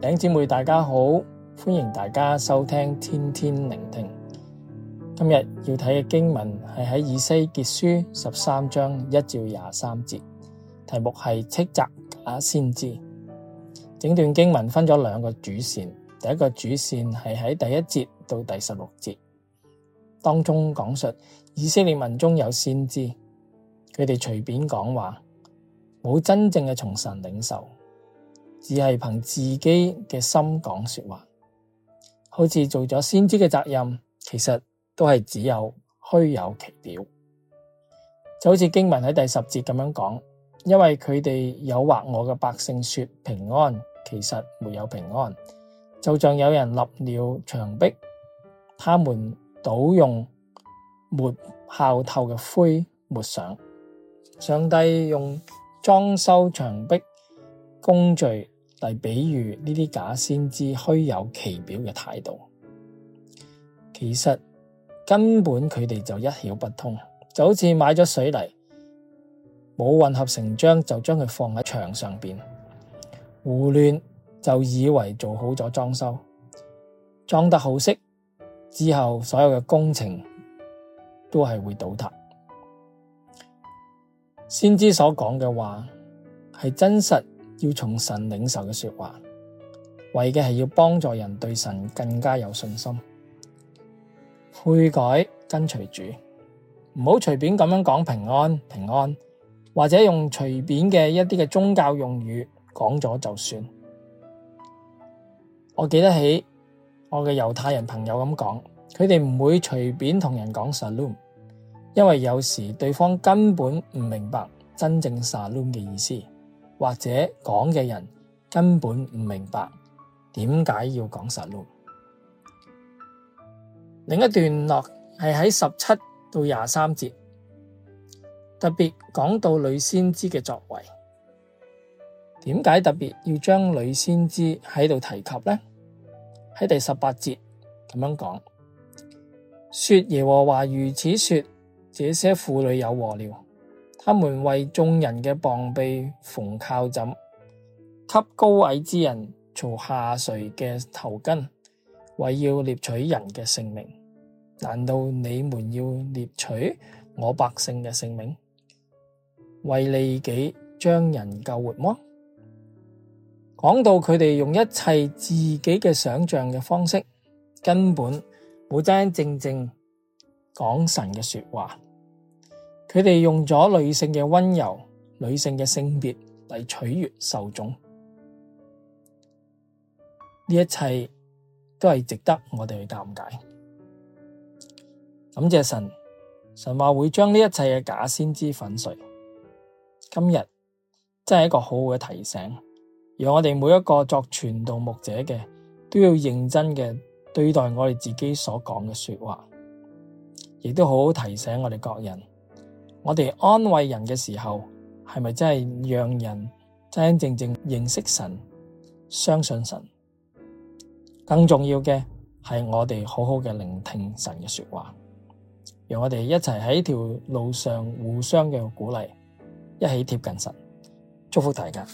弟兄姊妹大家好，歡迎大家收聽天天靈聽。今日要睇嘅經文係喺以西結書十三章一至廿三節，題目係斥責假、啊、先知。整段經文分咗兩個主線，第一個主線係喺第一節到第十六節當中講述以色列民中有先知，佢哋隨便講話，冇真正嘅從神領受。只係憑自己嘅心講說話，好似做咗先知嘅責任，其實都係只有虛有其表。就好似經文喺第十節咁樣講，因為佢哋誘惑我嘅百姓說平安，其實沒有平安。就像有人立了牆壁，他們倒用抹炮透嘅灰抹上，上帝用裝修牆壁工序。嚟比喻呢啲假先知虛有其表嘅態度，其實根本佢哋就一竅不通，就好似買咗水泥，冇混合成漿，就將佢放喺牆上邊，胡亂就以為做好咗裝修，裝得好色之後，所有嘅工程都係會倒塌。先知所講嘅話係真實。要從神領受嘅說話，為嘅係要幫助人對神更加有信心，悔改跟隨主，唔好隨便咁樣講平安平安，或者用隨便嘅一啲嘅宗教用語講咗就算。我記得起我嘅猶太人朋友咁講，佢哋唔會隨便同人講 Shalom，因為有時對方根本唔明白真正 Shalom 嘅意思。或者講嘅人根本唔明白點解要講 Shalom。另一段落係喺十七到廿三節，特別講到女先知嘅作為。點解特別要將女先知喺度提及呢？喺第十八節咁樣講，說耶和華如此說：這些婦女有禍了。他們為眾人嘅膀臂縫靠枕，給高矮之人做下垂嘅頭巾，為要獵取人嘅性命。難道你們要獵取我百姓嘅性命，為利己將人救活麼？講到佢哋用一切自己嘅想象嘅方式，根本冇真真正正講神嘅說話。佢哋用咗女性嘅溫柔、女性嘅性別嚟取悅受眾，呢一切都係值得我哋去鑑誡。感謝神，神話會將呢一切嘅假先知粉碎。今日真係一個好好嘅提醒，讓我哋每一個作傳道牧者嘅都要認真嘅對待我哋自己所講嘅說話，亦都好好提醒我哋各人。我哋安慰人嘅時候，係咪真係讓人真真正正認識神、相信神？更重要嘅係我哋好好嘅聆聽神嘅說話，讓我哋一齊喺條路上互相嘅鼓勵，一起貼近神。祝福大家。